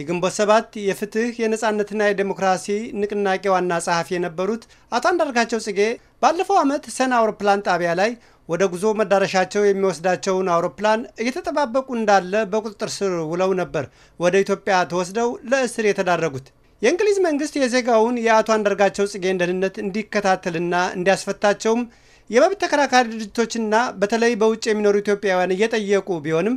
የግንቦት ሰባት የፍትህ የነፃነትና የዴሞክራሲ ንቅናቄ ዋና ጸሐፊ የነበሩት አቶ አንዳርጋቸው ጽጌ ባለፈው ዓመት ሰን አውሮፕላን ጣቢያ ላይ ወደ ጉዞ መዳረሻቸው የሚወስዳቸውን አውሮፕላን እየተጠባበቁ እንዳለ በቁጥጥር ስር ውለው ነበር ወደ ኢትዮጵያ ተወስደው ለእስር የተዳረጉት። የእንግሊዝ መንግስት የዜጋውን የአቶ አንዳርጋቸው ጽጌን ደህንነት እንዲከታተልና እንዲያስፈታቸውም የመብት ተከራካሪ ድርጅቶችና በተለይ በውጭ የሚኖሩ ኢትዮጵያውያን እየጠየቁ ቢሆንም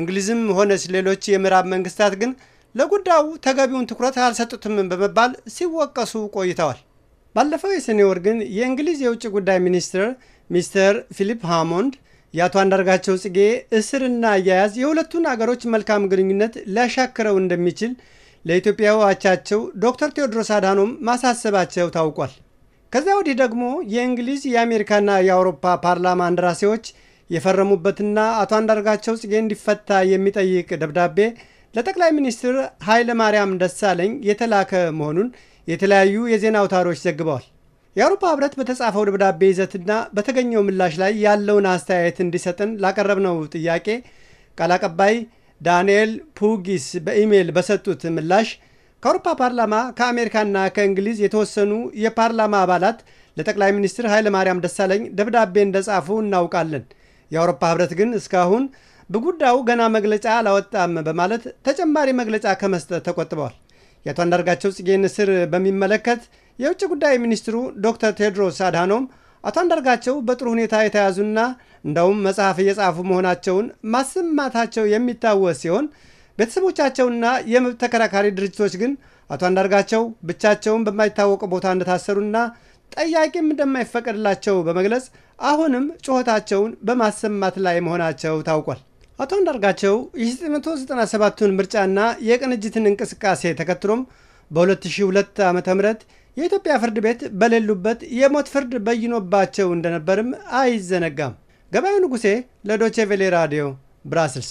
እንግሊዝም ሆነች ሌሎች የምዕራብ መንግስታት ግን ለጉዳዩ ተገቢውን ትኩረት አልሰጡትም በመባል ሲወቀሱ ቆይተዋል። ባለፈው የሰኔ ወር ግን የእንግሊዝ የውጭ ጉዳይ ሚኒስትር ሚስተር ፊሊፕ ሃሞንድ የአቶ አንዳርጋቸው ጽጌ እስርና አያያዝ የሁለቱን አገሮች መልካም ግንኙነት ሊያሻክረው እንደሚችል ለኢትዮጵያው አቻቸው ዶክተር ቴዎድሮስ አድሃኖም ማሳሰባቸው ታውቋል። ከዚያ ወዲህ ደግሞ የእንግሊዝ የአሜሪካና የአውሮፓ ፓርላማ እንደራሴዎች የፈረሙበትና አቶ አንዳርጋቸው ጽጌ እንዲፈታ የሚጠይቅ ደብዳቤ ለጠቅላይ ሚኒስትር ኃይለ ማርያም ደሳለኝ የተላከ መሆኑን የተለያዩ የዜና አውታሮች ዘግበዋል። የአውሮፓ ህብረት በተጻፈው ደብዳቤ ይዘትና በተገኘው ምላሽ ላይ ያለውን አስተያየት እንዲሰጥን ላቀረብነው ጥያቄ ቃል አቀባይ ዳንኤል ፑጊስ በኢሜይል በሰጡት ምላሽ ከአውሮፓ ፓርላማ ከአሜሪካና ከእንግሊዝ የተወሰኑ የፓርላማ አባላት ለጠቅላይ ሚኒስትር ኃይለ ማርያም ደሳለኝ ደብዳቤ እንደጻፉ እናውቃለን። የአውሮፓ ህብረት ግን እስካሁን በጉዳዩ ገና መግለጫ አላወጣም በማለት ተጨማሪ መግለጫ ከመስጠት ተቆጥበዋል። የአቶ አንዳርጋቸው ጽጌን እስር በሚመለከት የውጭ ጉዳይ ሚኒስትሩ ዶክተር ቴድሮስ አድሃኖም አቶ አንዳርጋቸው በጥሩ ሁኔታ የተያዙና እንደውም መጽሐፍ እየጻፉ መሆናቸውን ማሰማታቸው የሚታወስ ሲሆን ቤተሰቦቻቸውና የመብት ተከራካሪ ድርጅቶች ግን አቶ አንዳርጋቸው ብቻቸውን በማይታወቅ ቦታ እንደታሰሩና ጠያቂም እንደማይፈቀድላቸው በመግለጽ አሁንም ጩኸታቸውን በማሰማት ላይ መሆናቸው ታውቋል። አቶ አንዳርጋቸው የ997ቱን ምርጫና የቅንጅትን እንቅስቃሴ ተከትሎም በ2002 ዓ ም የኢትዮጵያ ፍርድ ቤት በሌሉበት የሞት ፍርድ በይኖባቸው እንደነበርም አይዘነጋም። ገበያው ንጉሴ ለዶቼ ቬሌ ራዲዮ ብራስልስ